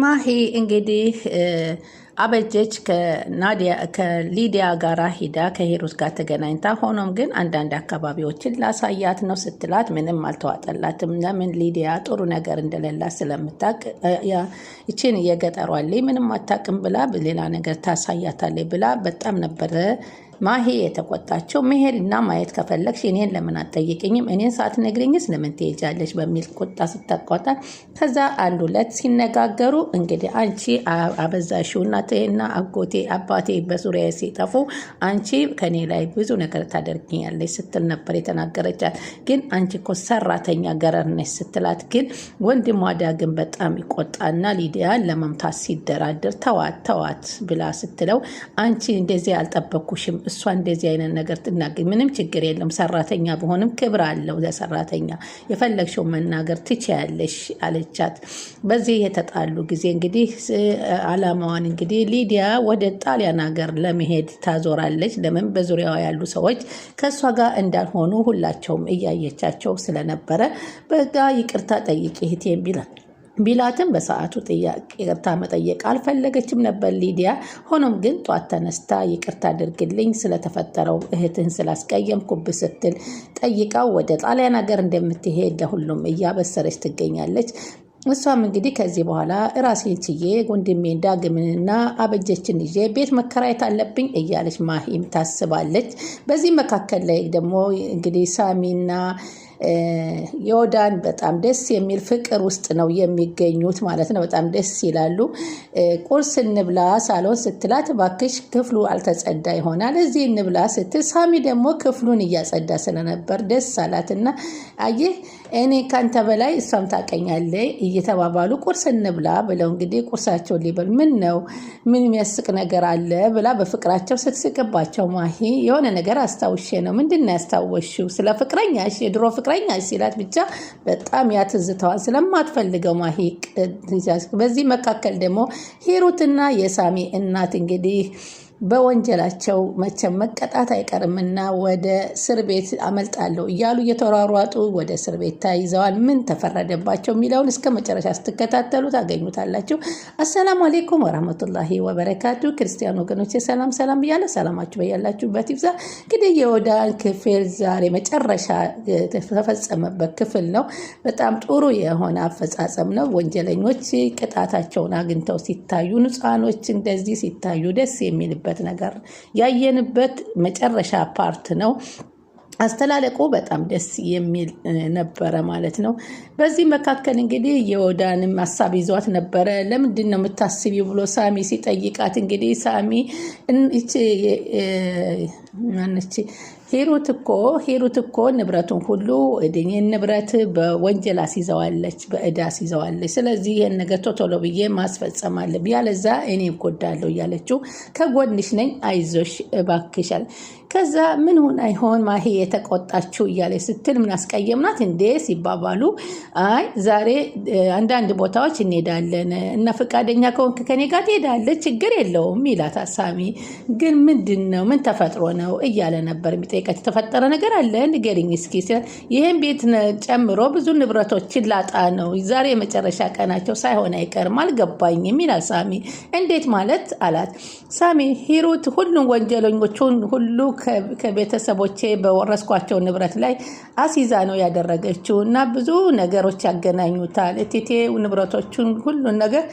ማሂ እንግዲህ አበጀች ከሊዲያ ጋር ሂዳ ከሄሮት ጋር ተገናኝታ፣ ሆኖም ግን አንዳንድ አካባቢዎችን ላሳያት ነው ስትላት ምንም አልተዋጠላትም። ለምን ሊዲያ ጥሩ ነገር እንደሌላት ስለምታቅ ይችን የገጠሯ ምንም አታቅም ብላ ሌላ ነገር ታሳያታለች ብላ በጣም ነበረ ማሄ የተቆጣቸው መሄድና ማየት ከፈለግሽ እኔን ለምን አትጠይቅኝም? እኔን ሳትነግሪኝስ ለምን ትሄጃለሽ? በሚል ቁጣ ስትቆጣ ከዛ አንድ ሁለት ሲነጋገሩ እንግዲህ አንቺ አበዛሽው፣ እናቴና አጎቴ አባቴ በዙሪያ ሲጠፉ አንቺ ከኔ ላይ ብዙ ነገር ታደርግኛለች ስትል ነበር የተናገረቻት። ግን አንቺ እኮ ሰራተኛ ገረር ስትላት፣ ግን ወንድሟ ዳግም በጣም ይቆጣና ሊዲያን ለመምታት ሲደራደር ተዋት ተዋት ብላ ስትለው አንቺ እንደዚህ አልጠበኩሽም እሷ እንደዚህ አይነት ነገር ትናገኝ፣ ምንም ችግር የለም። ሰራተኛ በሆንም ክብር አለው ለሰራተኛ። የፈለግሽው መናገር ትችያለሽ አለቻት። በዚህ የተጣሉ ጊዜ እንግዲህ አላማዋን እንግዲህ ሊዲያ ወደ ጣሊያን ሀገር ለመሄድ ታዞራለች። ለምን በዙሪያዋ ያሉ ሰዎች ከእሷ ጋር እንዳልሆኑ ሁላቸውም እያየቻቸው ስለነበረ በጋ ይቅርታ ጠይቅ እህቴ ቢላል ቢላትም በሰዓቱ ይቅርታ መጠየቅ አልፈለገችም ነበር ሊዲያ። ሆኖም ግን ጧት ተነስታ ይቅርታ አድርግልኝ ስለተፈጠረው እህትህን ኩብ ስትል ጠይቃው ወደ ጣሊያን ሀገር እንደምትሄድ ለሁሉም እያበሰረች ትገኛለች። እሷም እንግዲህ ከዚህ በኋላ ራሴን ችዬ ወንድሜን ዳግምንና አበጀችን ይዤ ቤት መከራየት አለብኝ እያለች ማሂም ታስባለች። በዚህ መካከል ላይ ደግሞ እንግዲህ ሳሚና ዮዳን በጣም ደስ የሚል ፍቅር ውስጥ ነው የሚገኙት ማለት ነው። በጣም ደስ ይላሉ። ቁርስ እንብላ ሳሎን ስትላት ባክሽ ክፍሉ አልተጸዳ ይሆናል እዚህ እንብላ ስትል ሳሚ ደግሞ ክፍሉን እያጸዳ ስለነበር ደስ አላት እና አየህ እኔ ካንተ በላይ እሷም ታቀኛለህ እየተባባሉ ቁርስ እንብላ ብለው እንግዲህ ቁርሳቸውን ሊበሉ ምን ነው ምን የሚያስቅ ነገር አለ ብላ በፍቅራቸው ስትስቅባቸው ማሂ የሆነ ነገር አስታውሼ ነው። ምንድን ነው ያስታወሽው? ስለ ፍቅረኛሽ የድሮ ፍቅረኛሽ ሲላት ብቻ በጣም ያትዝተዋል ስለማትፈልገው ማሂ። በዚህ መካከል ደግሞ ሂሩትና የሳሚ እናት እንግዲህ በወንጀላቸው መቼም መቀጣት አይቀርምና ወደ እስር ቤት አመልጣለሁ እያሉ እየተሯሯጡ ወደ እስር ቤት ተይዘዋል። ምን ተፈረደባቸው የሚለውን እስከ መጨረሻ ስትከታተሉ ታገኙታላችሁ። አሰላሙ አሌይኩም ወራህመቱላሂ ወበረካቱ። ክርስቲያን ወገኖች ሰላም ሰላም እያለ ሰላማችሁ በያላችሁበት ይብዛ። እንግዲህ የዮዳን ክፍል ዛሬ መጨረሻ ተፈጸመበት ክፍል ነው። በጣም ጥሩ የሆነ አፈጻጸም ነው። ወንጀለኞች ቅጣታቸውን አግኝተው ሲታዩ፣ ንጹሃኖች እንደዚህ ሲታዩ ደስ የሚልበት ነገር ያየንበት መጨረሻ ፓርት ነው። አስተላለቁ በጣም ደስ የሚል ነበረ ማለት ነው። በዚህ መካከል እንግዲህ የወዳንም ሀሳብ ይዟት ነበረ። ለምንድን ነው የምታስቢው ብሎ ሳሚ ሲጠይቃት እንግዲህ ሳሚ ማነች ሄሩት እኮ ሄሩት እኮ ንብረቱን ሁሉ እኔን ንብረት በወንጀል አስይዘዋለች፣ በእዳ አስይዘዋለች። ስለዚህ ይህን ነገር ቶቶሎ ብዬ ማስፈጸም አለብኝ፣ ያለዛ እኔ እጎዳለሁ እያለችው ከጎንሽ ነኝ አይዞሽ እባክሻል ከዛ ምን ሆን አይሆን ማሄ የተቆጣችው እያለ ስትል ምን አስቀየምናት እንዴ ሲባባሉ፣ አይ ዛሬ አንዳንድ ቦታዎች እንሄዳለን እና ፈቃደኛ ከሆንክ ከኔ ጋር ትሄዳለች፣ ችግር የለውም ይላት። አሳሚ ግን ምንድን ነው ምን ተፈጥሮ ነው እያለ ነበር የሚጠይቃት። የተፈጠረ ነገር አለ ንገሪኝ እስኪ። ይህን ቤት ጨምሮ ብዙ ንብረቶችን ላጣ ነው ዛሬ የመጨረሻ ቀናቸው ሳይሆን አይቀርም። አልገባኝም ይላል ሳሚ። እንዴት ማለት አላት። ሳሚ ሂሩት ሁሉም ወንጀለኞቹን ሁሉ ከቤተሰቦቼ በወረስኳቸው ንብረት ላይ አሲዛ ነው ያደረገችው እና ብዙ ነገሮች ያገናኙታል። እቴቴ ንብረቶቹን ሁሉን ነገር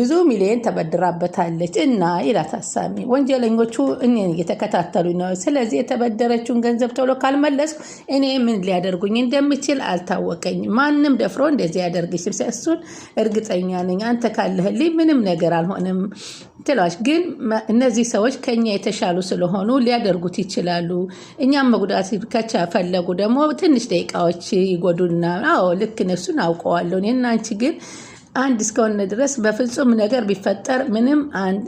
ብዙ ሚሊዮን ተበድራበታለች እና ይላት አሳሚ። ወንጀለኞቹ እኔን እየተከታተሉ ነው። ስለዚህ የተበደረችውን ገንዘብ ቶሎ ካልመለስኩ እኔ ምን ሊያደርጉኝ እንደምችል አልታወቀኝም። ማንም ደፍሮ እንደዚህ ያደርግች እሱን እርግጠኛ ነኝ። አንተ ካለህልኝ ምንም ነገር አልሆንም ትለዋች። ግን እነዚህ ሰዎች ከኛ የተሻሉ ስለሆኑ ሊያደርጉት ይችላሉ። እኛም መጉዳት ከፈለጉ ደግሞ ትንሽ ደቂቃዎች ይጎዱና፣ አዎ ልክ ነሱን አውቀዋለሁ። እኔና አንቺ ግን አንድ እስከሆነ ድረስ በፍጹም ነገር ቢፈጠር ምንም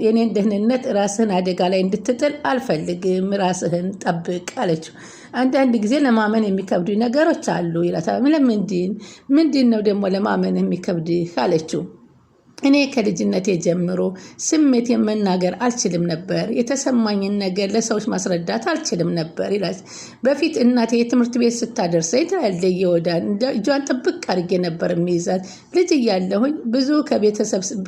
የኔን ደህንነት ራስህን አደጋ ላይ እንድትጥል አልፈልግም። ራስህን ጠብቅ አለችው። አንዳንድ ጊዜ ለማመን የሚከብዱ ነገሮች አሉ ይላታል። ለምንድን ምንድን ነው ደግሞ ለማመን የሚከብድህ አለችው። እኔ ከልጅነቴ ጀምሮ ስሜት መናገር አልችልም ነበር። የተሰማኝን ነገር ለሰዎች ማስረዳት አልችልም ነበር ይላል። በፊት እናቴ የትምህርት ቤት ስታደርሰ የተለያለ ወዳ እጇን ጥብቅ አድርጌ ነበር የሚይዛት። ልጅ እያለሁኝ ብዙ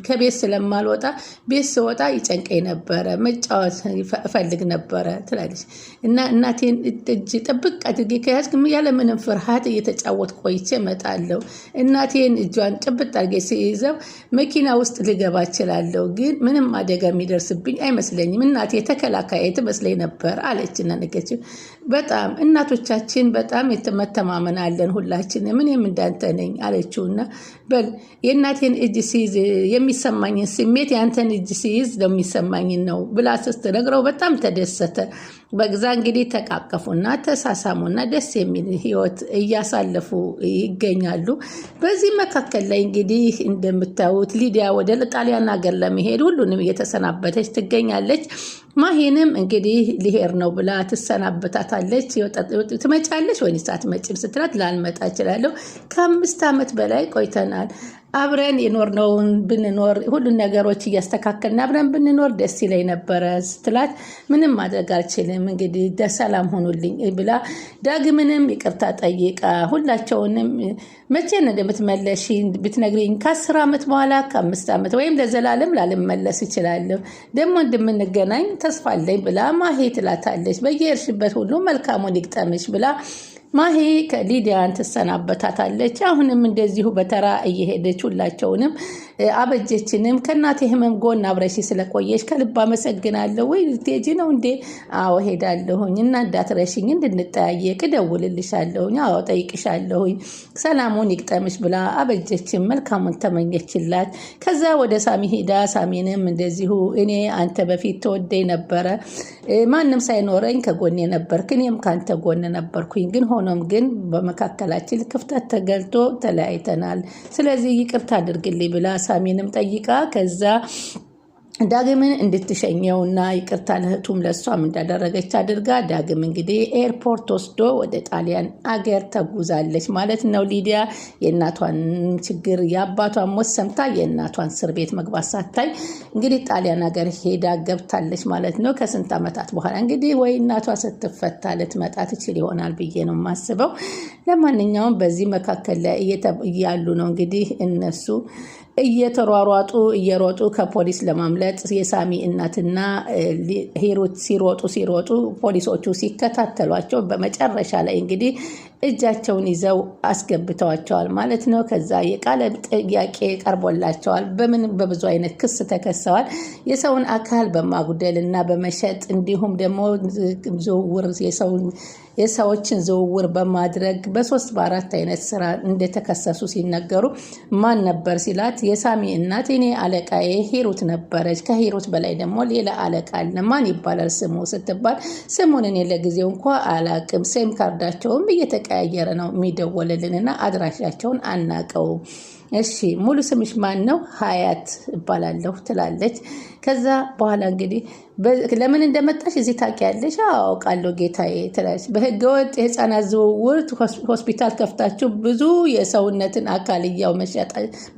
ከቤት ስለማልወጣ ቤት ስወጣ ይጨንቀኝ ነበረ፣ መጫወት እፈልግ ነበረ ትላለች እና እናቴን እጅ ጥብቅ አድርጌ ከያዝ ያለምንም ፍርሃት እየተጫወት ቆይቼ እመጣለሁ። እናቴን እጇን ጭብጥ አድርጌ ሲይዘው መኪና መኪና ውስጥ ልገባ እችላለሁ፣ ግን ምንም አደጋ የሚደርስብኝ አይመስለኝም። እናቴ ተከላካይ ትመስለኝ ነበር አለችና ነገችው። በጣም እናቶቻችን በጣም መተማመን አለን ሁላችንም። እኔም እንዳንተ ነኝ አለችውና በል የእናቴን እጅ ሲይዝ የሚሰማኝን ስሜት ያንተን እጅ ሲይዝ ነው የሚሰማኝን ነው ብላ ስትነግረው በጣም ተደሰተ። በግዛ እንግዲህ ተቃቀፉና ተሳሳሙና ደስ የሚል ህይወት እያሳለፉ ይገኛሉ። በዚህ መካከል ላይ እንግዲህ እንደምታዩት ሊዲያ ወደ ጣሊያን ሀገር ለመሄድ ሁሉንም እየተሰናበተች ትገኛለች። ማሄንም እንግዲህ ሊሄድ ነው ብላ ትሰናበታታለች። ትመጫለች ወይንስ አትመጭም ስትላት ላልመጣ እችላለሁ ከአምስት ዓመት በላይ ቆይተናል አብረን የኖርነውን ብንኖር ሁሉን ነገሮች እያስተካከልን አብረን ብንኖር ደስ ይለኝ ነበረ ስትላት ምንም ማድረግ አልችልም እንግዲህ ደሰላም ሆኑልኝ ብላ ዳግምንም ይቅርታ ጠይቃ ሁላቸውንም መቼ እንደምትመለሽ ብትነግሪኝ ከአስር ዓመት በኋላ ከአምስት ዓመት ወይም ለዘላለም ላልመለስ ይችላለሁ ደግሞ እንደምንገናኝ ተስፋ አለኝ ብላ ማሄ ትላታለች። በየሄድሽበት ሁሉ መልካሙን ይግጠምሽ ብላ ማሄ ከሊዲያን ትሰናበታታለች። አሁንም እንደዚሁ በተራ እየሄደች ሁላቸውንም አበጀችንም ከእናቴ ህመም ጎን አብረሽ ስለቆየሽ ከልብ አመሰግናለሁ። ወይ ልትሄጂ ነው እንዴ? አዎ ሄዳለሁኝ እና እንዳትረሽኝ እንድንጠያየቅ እደውልልሻለሁኝ። አዎ ጠይቅሻለሁኝ። ሰላሙን ይቅጠምሽ ብላ አበጀችን መልካሙን ተመኘችላት። ከዛ ወደ ሳሚ ሄዳ ሳሚንም እንደዚሁ እኔ አንተ በፊት ተወደኝ ነበረ ማንም ሳይኖረኝ ከጎን ነበርክ፣ እኔም ከአንተ ጎን ነበርኩኝ። ግን ሆኖም ግን በመካከላችን ክፍተት ተገልጦ ተለያይተናል። ስለዚህ ይቅርታ አድርግልኝ ብላ ሳሚንም ጠይቃ ከዛ ዳግምን እንድትሸኘውና ይቅርታ ለእህቱም ለእሷም እንዳደረገች አድርጋ ዳግም እንግዲህ ኤርፖርት ወስዶ ወደ ጣሊያን አገር ተጉዛለች ማለት ነው። ሊዲያ የእናቷን ችግር የአባቷን ሞት ሰምታ የእናቷን እስር ቤት መግባት ሳታይ እንግዲህ ጣሊያን አገር ሄዳ ገብታለች ማለት ነው። ከስንት ዓመታት በኋላ እንግዲህ ወይ እናቷ ስትፈታ ልትመጣ ትችል ይሆናል ብዬ ነው የማስበው። ለማንኛውም በዚህ መካከል ላይ እያሉ ነው እንግዲህ እነሱ እየተሯሯጡ እየሮጡ ከፖሊስ ለማምለጥ የሳሚ እናትና ሂሩት ሲሮጡ ሲሮጡ ፖሊሶቹ ሲከታተሏቸው በመጨረሻ ላይ እንግዲህ እጃቸውን ይዘው አስገብተዋቸዋል ማለት ነው። ከዛ የቃለ ጥያቄ ቀርቦላቸዋል። በምን በብዙ አይነት ክስ ተከሰዋል። የሰውን አካል በማጉደል እና በመሸጥ እንዲሁም ደግሞ ዝውውር የሰዎችን ዝውውር በማድረግ በሶስት በአራት አይነት ስራ እንደተከሰሱ ሲነገሩ ማን ነበር ሲላት የሳሚ እናት እኔ አለቃዬ ሂሩት ነበረች፣ ከሂሩት በላይ ደግሞ ሌላ አለቃ አለ፣ ማን ይባላል ስሙ ስትባል ስሙን እኔ ለጊዜው እንኳ አላቅም ሴም ካርዳቸውም እየተ እየተቀያየረ ነው የሚደወልልን እና አድራሻቸውን አናቀው እሺ ሙሉ ስምሽ ማን ነው? ሀያት እባላለሁ ትላለች። ከዛ በኋላ እንግዲህ ለምን እንደመጣሽ እዚህ ታውቂያለሽ? አውቃለሁ ጌታዬ ትላለች። በህገ ወጥ የህፃናት ዝውውር ሆስፒታል ከፍታችሁ ብዙ የሰውነትን አካል እያው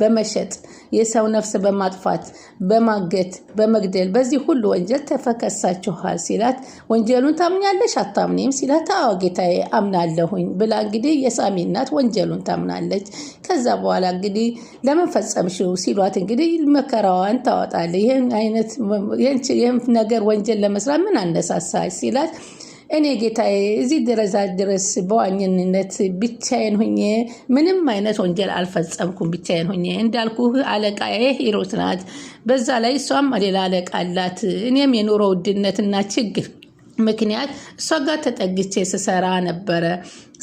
በመሸጥ የሰው ነፍስ በማጥፋት በማገት፣ በመግደል በዚህ ሁሉ ወንጀል ተፈከሳችኋል ሲላት፣ ወንጀሉን ታምኛለሽ አታምኒም ሲላት፣ አዎ ጌታዬ አምናለሁኝ ብላ እንግዲህ የሳሚ እናት ወንጀሉን ታምናለች። ከዛ በኋላ እንግዲህ ለምን ፈጸምሽው ሲሏት፣ እንግዲህ መከራዋን ታወጣለች። ይህን አይነት ነገር ወንጀል ለመስራት ምን አነሳሳች ሲላት እኔ ጌታዬ እዚህ ደረጃ ድረስ በዋኝነት ብቻዬን ሆኜ ምንም አይነት ወንጀል አልፈጸምኩም። ብቻዬን ሆኜ እንዳልኩ አለቃዬ ሂሩት ናት። በዛ ላይ እሷም ሌላ አለቃ አላት። እኔም የኑሮ ውድነትና ችግር ምክንያት እሷ ጋር ተጠግቼ ስሰራ ነበረ።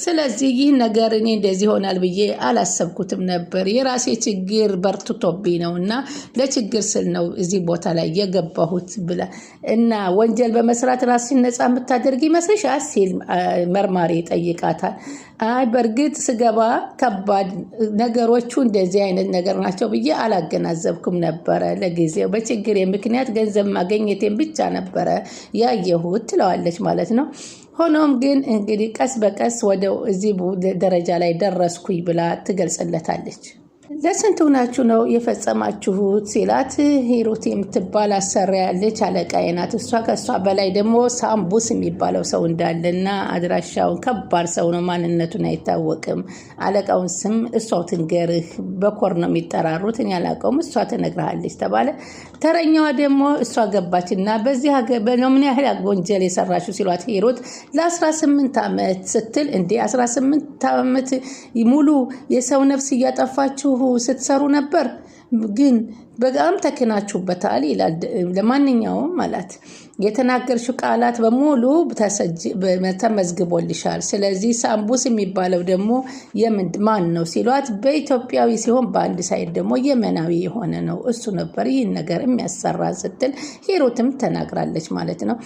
ስለዚህ ይህ ነገር እኔ እንደዚህ ይሆናል ብዬ አላሰብኩትም ነበር። የራሴ ችግር በርትቶብኝ ነው እና ለችግር ስል ነው እዚህ ቦታ ላይ የገባሁት ብላ እና ወንጀል በመስራት ራስሽን ነፃ የምታደርግ ይመስልሻል ሲል መርማሪ ይጠይቃታል። አይ በእርግጥ ስገባ ከባድ ነገሮቹ እንደዚህ አይነት ነገር ናቸው ብዬ አላገናዘብኩም ነበረ። ለጊዜው በችግሬ ምክንያት ገንዘብ ማገኘቴን ብቻ ነበረ ያየሁት ትለዋለች ማለት ነው። ሆኖም ግን እንግዲህ ቀስ በቀስ ወደ እዚህ ደረጃ ላይ ደረስኩኝ ብላ ትገልጽለታለች። ለስንት ናችሁ ነው የፈጸማችሁት ሲላት ሂሩት የምትባል አሰሪያ ያለች አለቃዬ ናት። እሷ ከእሷ በላይ ደግሞ ሳምቡስ የሚባለው ሰው እንዳለና አድራሻውን ከባድ ሰው ነው፣ ማንነቱን አይታወቅም። አለቃውን ስም እሷው ትንገርህ፣ በኮር ነው የሚጠራሩት፣ እኔ አላውቀውም፣ እሷ ትነግርሃለች ተባለ። ተረኛዋ ደግሞ እሷ ገባች እና በዚህ ምን ያህል ወንጀል የሰራችሁ ሲሏት ሂሩት ለ18 ዓመት ስትል እንዴ 18 ዓመት ሙሉ የሰው ነፍስ እያጠፋችሁ ስትሰሩ ነበር ግን በጣም ተክናችሁበታል ይላል። ለማንኛውም ማለት የተናገርሽው ቃላት በሙሉ ተመዝግቦልሻል። ስለዚህ ሳምቡስ የሚባለው ደግሞ ማን ነው ሲሏት በኢትዮጵያዊ ሲሆን በአንድ ሳይድ ደግሞ የመናዊ የሆነ ነው እሱ ነበር ይህን ነገር የሚያሰራ ስትል ሂሩትም ተናግራለች ማለት ነው።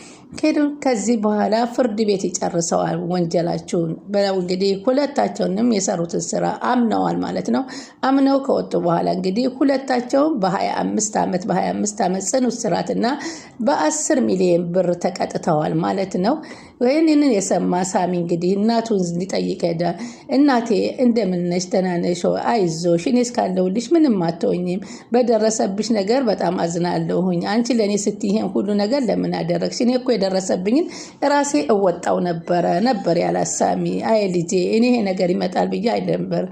ከዚህ በኋላ ፍርድ ቤት ይጨርሰዋል ወንጀላችሁን ብለው እንግዲህ ሁለታቸውንም የሰሩትን ስራ አምነዋል ማለት ነው። አምነው ከወጡ በኋላ እንግዲህ ሁለታቸውም በ25 ዓመት በ25 ዓመት ጽኑ እስራትና በ10 ሚሊዮን ብር ተቀጥተዋል ማለት ነው። ይህንን የሰማ ሳሚ እንግዲህ እናቱን ሊጠይቅ ሄደ። እናቴ እንደምነሽ ተናነሾ አይዞሽ፣ እኔ እስካለሁልሽ ምንም አትሆኝም። በደረሰብሽ ነገር በጣም አዝናለሁኝ። አንቺ ለእኔ ስትይ ይሄን ሁሉ ነገር ለምን አደረግሽ? እኔ እኮ የደረሰብኝን ራሴ እወጣው ነበረ ነበር ያላት ሳሚ። አይ ልጄ፣ እኔ ይሄ ነገር ይመጣል ብዬ አይደንበር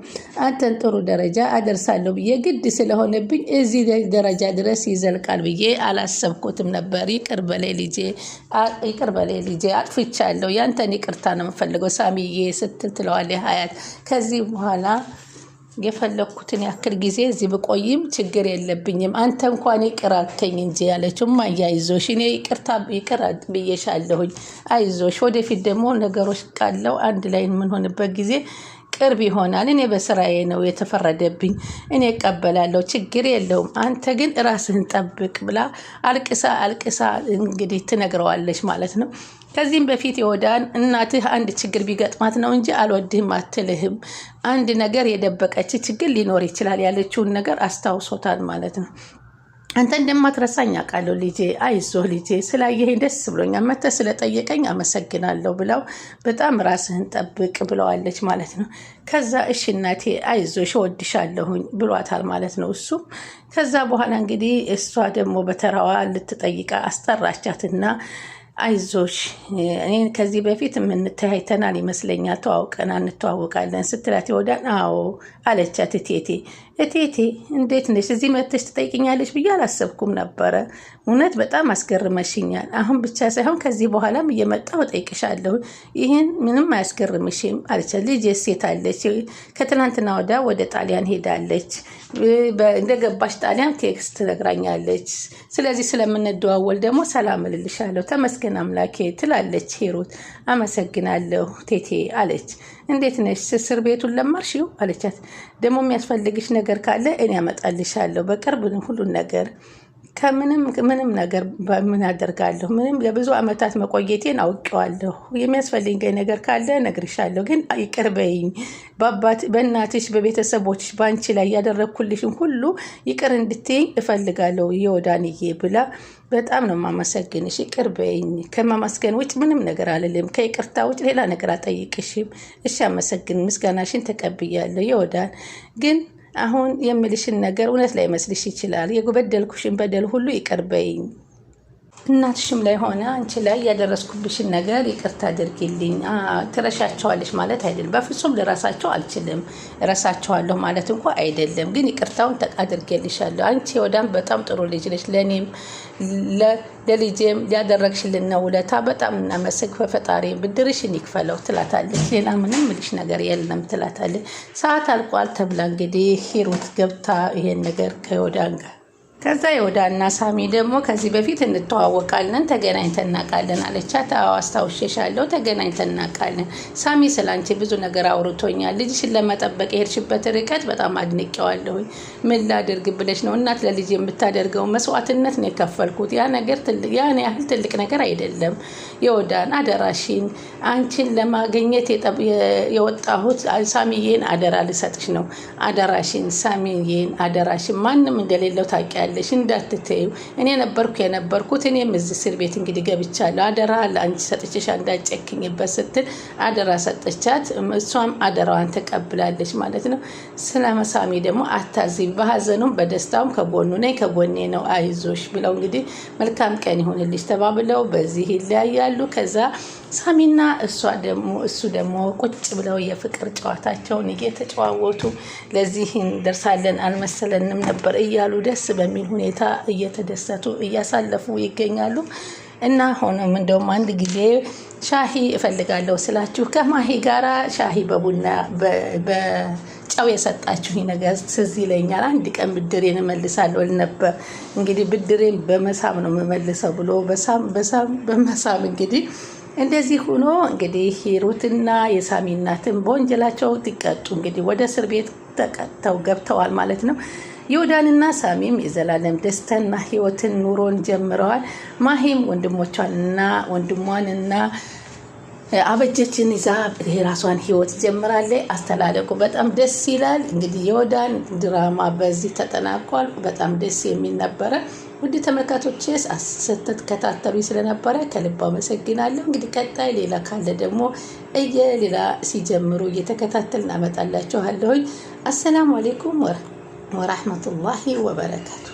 አንተን ጥሩ ደረጃ አደርሳለሁ ብዬ ግድ ስለሆነብኝ እዚህ ደረጃ ድረስ ይዘልቃል ብዬ አላሰብኩትም ነበር። ይቅር ልጄ፣ ይቅር ልጄ አጥፍቼ ተሳስቻለሁ፣ ያንተን ይቅርታ ነው የምፈልገው ሳሚዬ ስትል ትለዋለች ሀያት። ከዚህ በኋላ የፈለግኩትን ያክል ጊዜ እዚህ ብቆይም ችግር የለብኝም፣ አንተ እንኳን ይቅር አልከኝ እንጂ ያለችው አያይዞሽ፣ እኔ ይቅርታ ይቅር ብዬሻለሁኝ፣ አይዞሽ፣ ወደፊት ደግሞ ነገሮች ቃለው አንድ ላይ የምንሆንበት ጊዜ ቅርብ ይሆናል። እኔ በስራዬ ነው የተፈረደብኝ፣ እኔ እቀበላለሁ፣ ችግር የለውም። አንተ ግን ራስህን ጠብቅ ብላ አልቅሳ አልቅሳ እንግዲህ ትነግረዋለች ማለት ነው። ከዚህም በፊት የወዳን እናትህ አንድ ችግር ቢገጥማት ነው እንጂ አልወድህም አትልህም። አንድ ነገር የደበቀች ችግር ሊኖር ይችላል ያለችውን ነገር አስታውሶታል ማለት ነው። አንተ እንደማትረሳኝ አውቃለሁ ልጄ፣ አይዞህ ልጄ፣ ስላየኸኝ ደስ ብሎኛል፣ መተህ ስለጠየቀኝ አመሰግናለሁ ብለው በጣም ራስህን ጠብቅ ብለዋለች ማለት ነው። ከዛ እሺ እናቴ አይዞሽ፣ እወድሻለሁኝ ብሏታል ማለት ነው። እሱ። ከዛ በኋላ እንግዲህ እሷ ደግሞ በተራዋ ልትጠይቃ አስጠራቻትና አይዞሽ እኔ ከዚህ በፊት የምንተያይተናል ይመስለኛል፣ ተዋውቀን እንተዋወቃለን ስትላት ይወዳን አዎ አለቻት እቴቴ እቴቴ እንዴት ነሽ? እዚህ መጥተሽ ትጠይቅኛለሽ ብዬ አላሰብኩም ነበረ። እውነት በጣም አስገርመሽኛል። አሁን ብቻ ሳይሆን ከዚህ በኋላም እየመጣሁ እጠይቅሻለሁ። ይህን ምንም አያስገርምሽም አለቻት። ልጅ ሴት አለች። ከትናንትና ወዲያ ወደ ጣሊያን ሄዳለች። እንደገባሽ ጣሊያን ቴክስት ትነግራኛለች። ስለዚህ ስለምንደዋወል ደግሞ ሰላም እልልሻለሁ። ተመስገን አምላኬ ትላለች ሄሩት። አመሰግናለሁ ቴቴ አለች። እንዴት ነሽ? እስር ቤቱን ለማርሽው አለቻት። ደግሞ የሚያስፈልግሽ ነገር ነገር ካለ እኔ ያመጣልሻለሁ። በቅርብ ሁሉን ነገር ከምንም ምንም ነገር ምን አደርጋለሁ። ምንም ለብዙ ዓመታት መቆየቴን አውቀዋለሁ። የሚያስፈልገኝ ነገር ካለ እነግርሻለሁ። ግን ይቅር በይኝ። በአባት በእናትሽ፣ በቤተሰቦችሽ፣ በአንቺ ላይ ያደረግኩልሽን ሁሉ ይቅር እንድትይኝ እፈልጋለሁ የወዳንዬ ብላ በጣም ነው የማመሰግንሽ። ይቅር በይኝ። ከማመስገን ውጭ ምንም ነገር አልልም። ከይቅርታ ውጭ ሌላ ነገር አጠይቅሽም። እሺ፣ አመሰግን። ምስጋናሽን ተቀብያለሁ የወዳን ግን አሁን የምልሽን ነገር እውነት ላይ መስልሽ ይችላል። የበደልኩሽን በደል ሁሉ ይቅር በይኝ እናትሽም ላይ ሆነ አንቺ ላይ ያደረስኩብሽን ነገር ይቅርታ አድርጊልኝ። ትረሻቸዋለሽ ማለት አይደለም። በፍጹም ልረሳቸው አልችልም። እረሳቸዋለሁ ማለት እንኳ አይደለም፣ ግን ይቅርታውን አድርጌልሻለሁ። አንቺ ወዳም በጣም ጥሩ ልጅ ነች። ለእኔም ለልጄም ያደረግሽልን ነው ውለታ በጣም እናመስግ። በፈጣሪ ብድርሽን ይክፈለው ትላታለች። ሌላ ምንም ምልሽ ነገር የለም ትላታለች። ሰዓት አልቋል ተብላ እንግዲህ ሂሩት ገብታ ይሄን ነገር ከወዳን ጋር ከዛ የወዳና ሳሚ ደግሞ ከዚህ በፊት እንተዋወቃለን ተገናኝተን እናውቃለን አለቻት። አዎ አስታውሼሻለሁ፣ ተገናኝተን እናውቃለን። ሳሚ ስለ አንቺ ብዙ ነገር አውርቶኛል። ልጅሽን ለመጠበቅ የሄድሽበት ርቀት በጣም አድንቄዋለሁኝ። ምን ላድርግ ብለሽ ነው እናት ለልጅ የምታደርገው መስዋዕትነት ነው የከፈልኩት። ያ ነገር ያን ያህል ትልቅ ነገር አይደለም። የወዳን አደራሽን፣ አንቺን ለማግኘት የወጣሁት ሳሚዬን አደራ ልሰጥሽ ነው። አደራሽን፣ ሳሚዬን አደራሽን፣ ማንም እንደሌለው ታውቂያለሽ ትችያለሽ፣ እንዳትተዩ እኔ ነበርኩ የነበርኩት እኔም እዚህ እስር ቤት እንግዲህ ገብቻለሁ፣ አደራ ለአንቺ ሰጥቼሽ እንዳጨክኝበት ስትል አደራ ሰጠቻት። እሷም አደራዋን ተቀብላለች ማለት ነው። ስለ መሳሚ ደግሞ አታዚም፣ በሀዘኑም በደስታውም ከጎኑ ነኝ፣ ከጎኔ ነው፣ አይዞሽ ብለው እንግዲህ መልካም ቀን ይሁንልሽ ተባብለው በዚህ ይለያያሉ ከዛ ሳሚና እሷ ደግሞ እሱ ደግሞ ቁጭ ብለው የፍቅር ጨዋታቸውን እየተጨዋወቱ ለዚህ ደርሳለን አልመሰለንም ነበር እያሉ ደስ በሚል ሁኔታ እየተደሰቱ እያሳለፉ ይገኛሉ። እና ሆኖም እንደውም አንድ ጊዜ ሻሂ እፈልጋለሁ ስላችሁ ከማሂ ጋራ ሻሂ በቡና በጨው የሰጣችሁኝ ነገር ትዝ ይለኛል። አንድ ቀን ብድሬን እመልሳለሁ ነበር እንግዲህ ብድሬን በመሳም ነው የምመልሰው ብሎ በሳም በሳም በመሳም እንግዲህ እንደዚህ ሆኖ እንግዲህ ሩትና የሳሚ እናትን በወንጀላቸው ሊቀጡ እንግዲህ ወደ እስር ቤት ተቀጥተው ገብተዋል ማለት ነው። ይሁዳንና ሳሚም የዘላለም ደስታና ህይወትን ኑሮን ጀምረዋል። ማሂም ወንድሞቿንና ወንድሟንና አበጀችን ይዛ የራሷን ህይወት ጀምራለች። አስተላለቁ በጣም ደስ ይላል። እንግዲህ የወዳን ድራማ በዚህ ተጠናቋል። በጣም ደስ የሚል ነበረ። ውድ ተመልካቾች ስትከታተሉ ስለነበረ ከልብ አመሰግናለሁ። እንግዲህ ቀጣይ ሌላ ካለ ደግሞ እየሌላ ሲጀምሩ እየተከታተል እናመጣላችኋለሁኝ። አሰላሙ አሌይኩም ወራህመቱላሂ ወበረካቱ።